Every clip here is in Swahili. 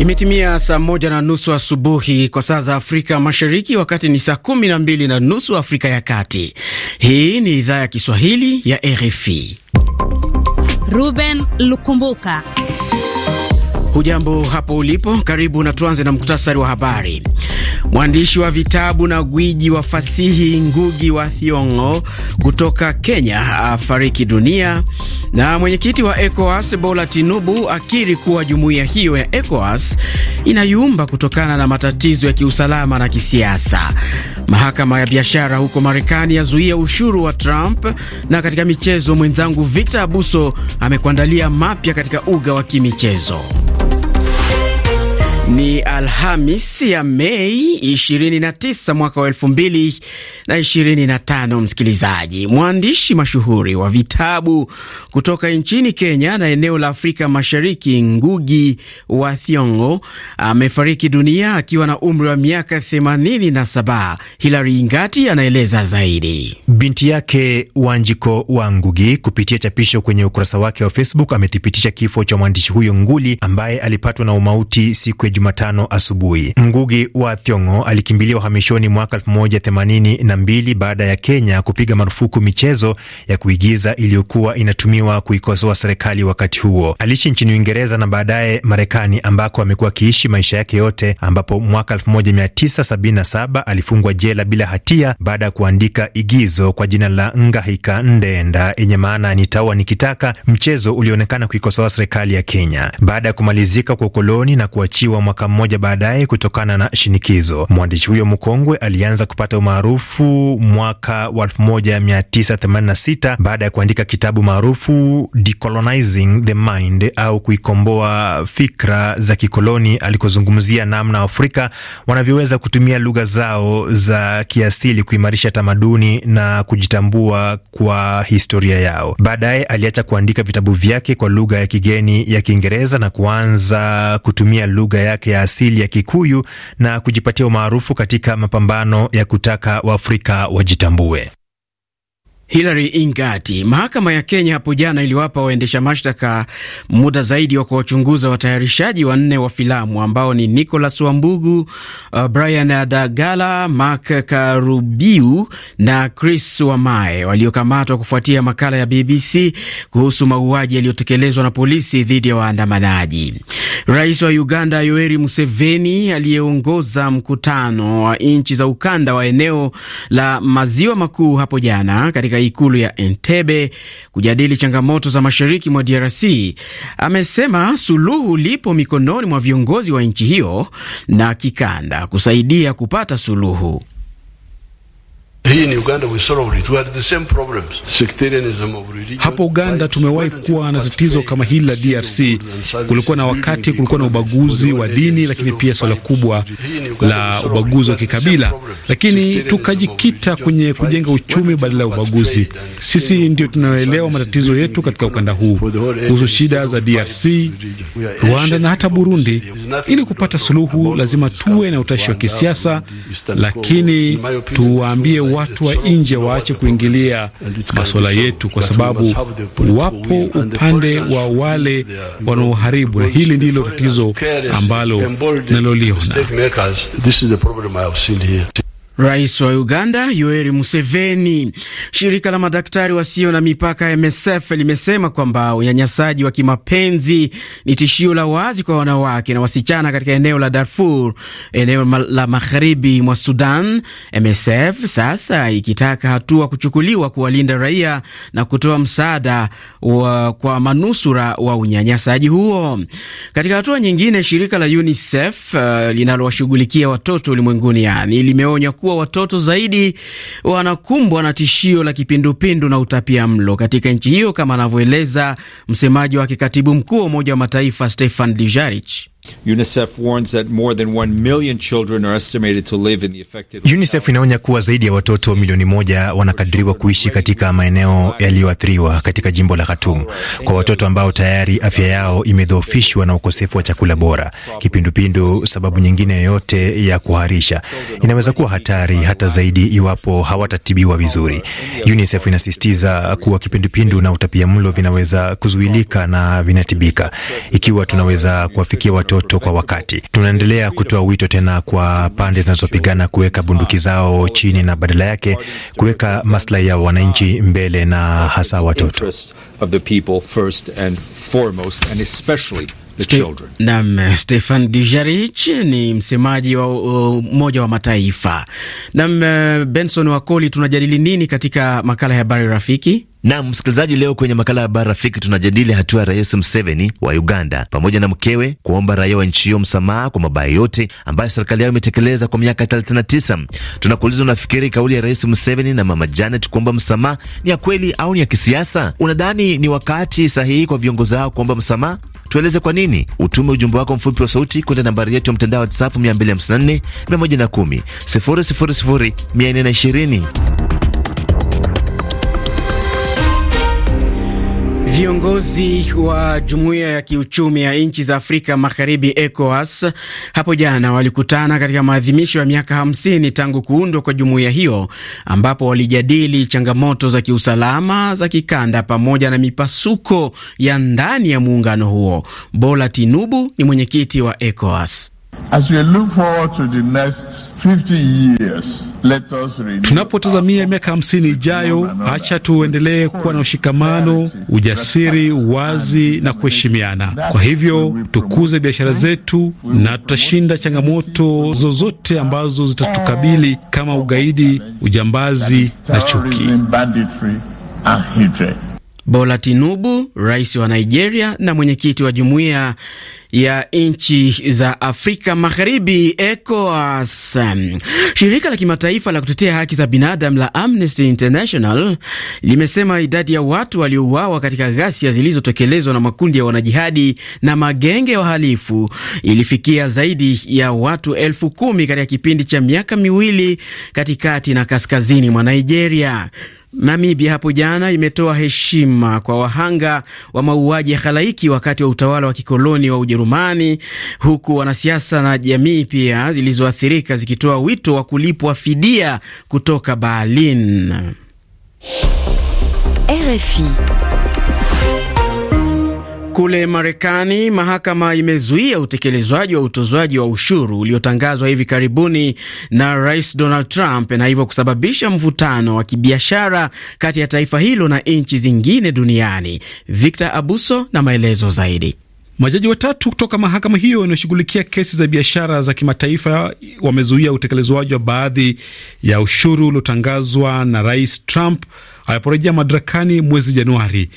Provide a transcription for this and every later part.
Imetimia saa moja na nusu asubuhi kwa saa za Afrika Mashariki, wakati ni saa kumi na mbili na nusu Afrika ya Kati. Hii ni idhaa ya Kiswahili ya RFI. Ruben Lukumbuka, hujambo hapo ulipo? Karibu na tuanze na muktasari wa habari. Mwandishi wa vitabu na gwiji wa fasihi Ngugi wa Thiong'o kutoka Kenya afariki dunia, na mwenyekiti wa ECOWAS Bola Tinubu akiri kuwa jumuiya hiyo ya ECOWAS inayumba kutokana na matatizo ya kiusalama na kisiasa. Mahakama ya biashara huko Marekani yazuia ushuru wa Trump. Na katika michezo, mwenzangu Victor Abuso amekuandalia mapya katika uga wa kimichezo. Ni Alhamis ya Mei 29 mwaka wa 2025. Msikilizaji, mwandishi mashuhuri wa vitabu kutoka nchini Kenya na eneo la Afrika Mashariki, Ngugi wa Thiong'o amefariki dunia akiwa na umri wa miaka 87. Hilary Ngati anaeleza zaidi. Binti yake Wanjiko wa Ngugi kupitia chapisho kwenye ukurasa wake wa Facebook amethibitisha kifo cha mwandishi huyo nguli ambaye alipatwa na umauti siku ya Jumatano asubuhi. Ngugi wa Thiong'o alikimbilia uhamishoni mwaka mbili baada ya Kenya kupiga marufuku michezo ya kuigiza iliyokuwa inatumiwa kuikosoa serikali wakati huo. Aliishi nchini Uingereza na baadaye Marekani, ambako amekuwa akiishi maisha yake yote, ambapo mwaka 1977 alifungwa jela bila hatia baada ya kuandika igizo kwa jina la Ngahika Ndenda yenye maana nitaua nikitaka, mchezo ulioonekana kuikosoa serikali ya Kenya baada ya kumalizika kwa ukoloni na kuachiwa mwaka mmoja baadaye kutokana na shinikizo. Mwandishi huyo mkongwe alianza kupata umaarufu mwaka wa 1986 baada ya kuandika kitabu maarufu Decolonizing the Mind au kuikomboa fikra za kikoloni, alikozungumzia namna Afrika wanavyoweza kutumia lugha zao za kiasili kuimarisha tamaduni na kujitambua kwa historia yao. Baadaye aliacha kuandika vitabu vyake kwa lugha ya kigeni ya Kiingereza na kuanza kutumia lugha ya yake ya asili ya Kikuyu na kujipatia umaarufu katika mapambano ya kutaka Waafrika wajitambue. Hilary Ingati. Mahakama ya Kenya hapo jana iliwapa waendesha mashtaka muda zaidi wa kuwachunguza watayarishaji wanne wa filamu ambao ni Nicholas Wambugu, uh, Brian Adagala, Mark Karubiu na Chris Wamae waliokamatwa kufuatia makala ya BBC kuhusu mauaji yaliyotekelezwa na polisi dhidi ya waandamanaji. Rais wa Uganda Yoweri Museveni aliyeongoza mkutano wa nchi za ukanda wa eneo la maziwa makuu hapo jana katika ikulu ya Entebbe kujadili changamoto za mashariki mwa DRC amesema suluhu lipo mikononi mwa viongozi wa nchi hiyo na kikanda kusaidia kupata suluhu. Hii ni Uganda we solved. We had the same problems. Sectarianism of religion. Hapo Uganda tumewahi kuwa na tatizo kama hili la DRC. Kulikuwa na wakati kulikuwa na ubaguzi wa dini, lakini pia swala kubwa la ubaguzi wa kikabila, lakini tukajikita kwenye kujenga uchumi badala ya ubaguzi. Sisi ndio tunaoelewa matatizo yetu katika ukanda huu kuhusu shida za DRC, Rwanda na hata Burundi. Ili kupata suluhu, lazima tuwe na utashi wa kisiasa, lakini tuwaambie watu wa nje waache kuingilia masuala yetu, kwa sababu wapo upande wa wale wanaoharibu, na hili ndilo tatizo ambalo naloliona. Rais wa Uganda Yoweri Museveni. Shirika la madaktari wasio na mipaka MSF limesema kwamba unyanyasaji wa kimapenzi ni tishio la wazi kwa wanawake na wasichana katika eneo la Darfur, eneo la magharibi mwa Sudan. MSF sasa ikitaka hatua kuchukuliwa kuwalinda raia na kutoa msaada wa kwa manusura wa unyanyasaji huo. Katika hatua nyingine, shirika la UNICEF uh, linalowashughulikia watoto ulimwenguni yani limeonya kuwa kuwa watoto zaidi wanakumbwa na tishio la kipindupindu na utapia mlo katika nchi hiyo, kama anavyoeleza msemaji wa kikatibu mkuu wa Umoja wa Mataifa Stefan Dijarich. UNICEF warns that more than 1 million children are estimated to live in the affected. UNICEF inaonya kuwa zaidi ya watoto milioni moja wanakadiriwa kuishi katika maeneo yaliyoathiriwa katika jimbo la Khartoum, kwa watoto ambao tayari afya yao imedhoofishwa na ukosefu wa chakula bora, kipindupindu, sababu nyingine yoyote ya kuharisha. Inaweza kuwa hatari hata zaidi iwapo hawatatibiwa vizuri. UNICEF inasisitiza kuwa kipindupindu na utapiamlo vinaweza kuzuilika na vinatibika ikiwa tunaweza kuwafikia watoto joto kwa wakati. Tunaendelea kutoa wito tena kwa pande zinazopigana kuweka bunduki zao chini na badala yake kuweka maslahi ya wananchi mbele na hasa watoto the children. Naam, eh, Stefan Dujarric ni msemaji wa Umoja wa Mataifa. Naam, eh, Benson Wakoli, tunajadili nini katika makala ya habari rafiki? Na msikilizaji, leo kwenye makala ya habari rafiki tunajadili hatua ya Rais Museveni wa Uganda pamoja na mkewe kuomba raia wa nchi hiyo msamaha kwa mabaya yote ambayo serikali yao imetekeleza kwa miaka 39. Tunakuuliza, unafikiri kauli ya Rais Museveni na Mama Janet kuomba msamaha ni ya kweli au ni ya kisiasa? Unadhani ni wakati sahihi kwa viongozi hao kuomba msamaha? Tueleze kwa nini. Utume ujumbe wako mfupi wa sauti kwenda nambari yetu ya mtandao wa WhatsApp 254 110 000 420. Viongozi wa jumuiya ya kiuchumi ya nchi za Afrika Magharibi, ECOWAS, hapo jana walikutana katika maadhimisho ya miaka 50 tangu kuundwa kwa jumuiya hiyo, ambapo walijadili changamoto za kiusalama za kikanda pamoja na mipasuko ya ndani ya muungano huo. Bola Tinubu ni mwenyekiti wa ECOWAS. As we look forward to the next 50 years. Tunapotazamia miaka hamsini ijayo, hacha tuendelee kuwa na ushikamano, ujasiri, uwazi na kuheshimiana. Kwa hivyo tukuze biashara zetu na tutashinda changamoto zozote ambazo zitatukabili kama ugaidi, ujambazi na chuki. Bola Tinubu, rais wa Nigeria na mwenyekiti wa jumuiya ya nchi za Afrika Magharibi, ECOWAS. Shirika la kimataifa la kutetea haki za binadamu la Amnesty International limesema idadi ya watu waliouawa katika ghasia zilizotekelezwa na makundi ya wanajihadi na magenge ya wa wahalifu ilifikia zaidi ya watu elfu kumi katika kipindi cha miaka miwili katikati na kaskazini mwa Nigeria. Namibia hapo jana imetoa heshima kwa wahanga wa mauaji ya halaiki wakati wa utawala wa kikoloni wa Ujerumani, huku wanasiasa na jamii pia zilizoathirika zikitoa wito wa kulipwa fidia kutoka Berlin. RFI kule Marekani, mahakama imezuia utekelezwaji wa utozwaji wa ushuru uliotangazwa hivi karibuni na Rais Donald Trump na hivyo kusababisha mvutano wa kibiashara kati ya taifa hilo na nchi zingine duniani. Victor Abuso na maelezo zaidi. Majaji watatu kutoka mahakama hiyo inayoshughulikia kesi za biashara za kimataifa wamezuia utekelezwaji wa baadhi ya ushuru uliotangazwa na Rais Trump aliporejea madarakani mwezi Januari.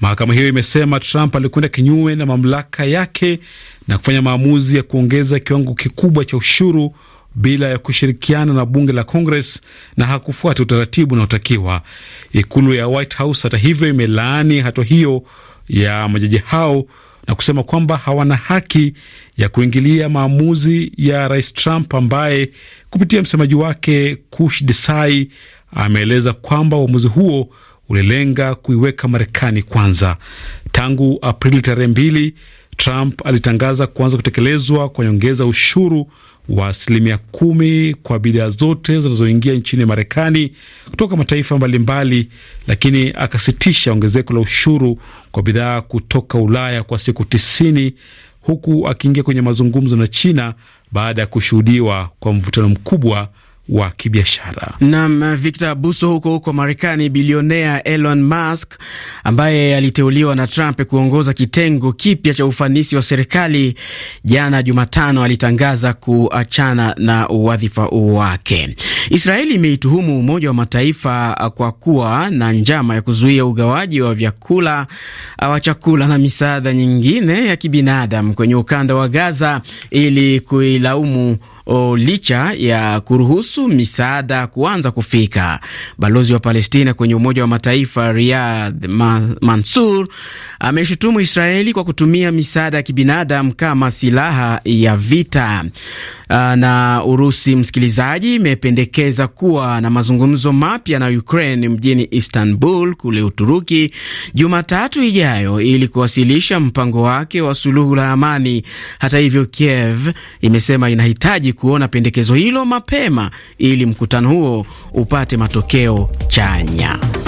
Mahakama hiyo imesema Trump alikwenda kinyume na mamlaka yake na kufanya maamuzi ya kuongeza kiwango kikubwa cha ushuru bila ya kushirikiana na bunge la Congress na hakufuata utaratibu unaotakiwa. Ikulu ya White House, hata hivyo, imelaani hatua hiyo ya majaji hao na kusema kwamba hawana haki ya kuingilia maamuzi ya Rais Trump ambaye kupitia msemaji wake Kush Desai ameeleza kwamba uamuzi huo ulilenga kuiweka Marekani kwanza. Tangu Aprili tarehe mbili, Trump alitangaza kuanza kutekelezwa kwa nyongeza ushuru wa asilimia kumi kwa bidhaa zote zinazoingia nchini Marekani kutoka mataifa mbalimbali mbali, lakini akasitisha ongezeko la ushuru kwa bidhaa kutoka Ulaya kwa siku tisini huku akiingia kwenye mazungumzo na China baada ya kushuhudiwa kwa mvutano mkubwa wa kibiashara. Naam, Victor Buso, huko huko Marekani, bilionea Elon Musk ambaye aliteuliwa na Trump kuongoza kitengo kipya cha ufanisi wa serikali, jana Jumatano alitangaza kuachana na wadhifa wake. Israeli imeituhumu Umoja wa Mataifa kwa kuwa na njama ya kuzuia ugawaji wa vyakula uh, wa chakula na misaada nyingine ya kibinadamu kwenye ukanda wa Gaza ili kuilaumu o licha ya kuruhusu misaada kuanza kufika. Balozi wa Palestina kwenye Umoja wa Mataifa Riyad Mansur ameshutumu Israeli kwa kutumia misaada ya kibinadamu kama silaha ya vita. Na Urusi, msikilizaji, imependekeza kuwa na mazungumzo mapya na Ukraine mjini Istanbul kule Uturuki Jumatatu ijayo ili kuwasilisha mpango wake wa suluhu la amani. Hata hivyo, Kiev imesema inahitaji kuona pendekezo hilo mapema ili mkutano huo upate matokeo chanya.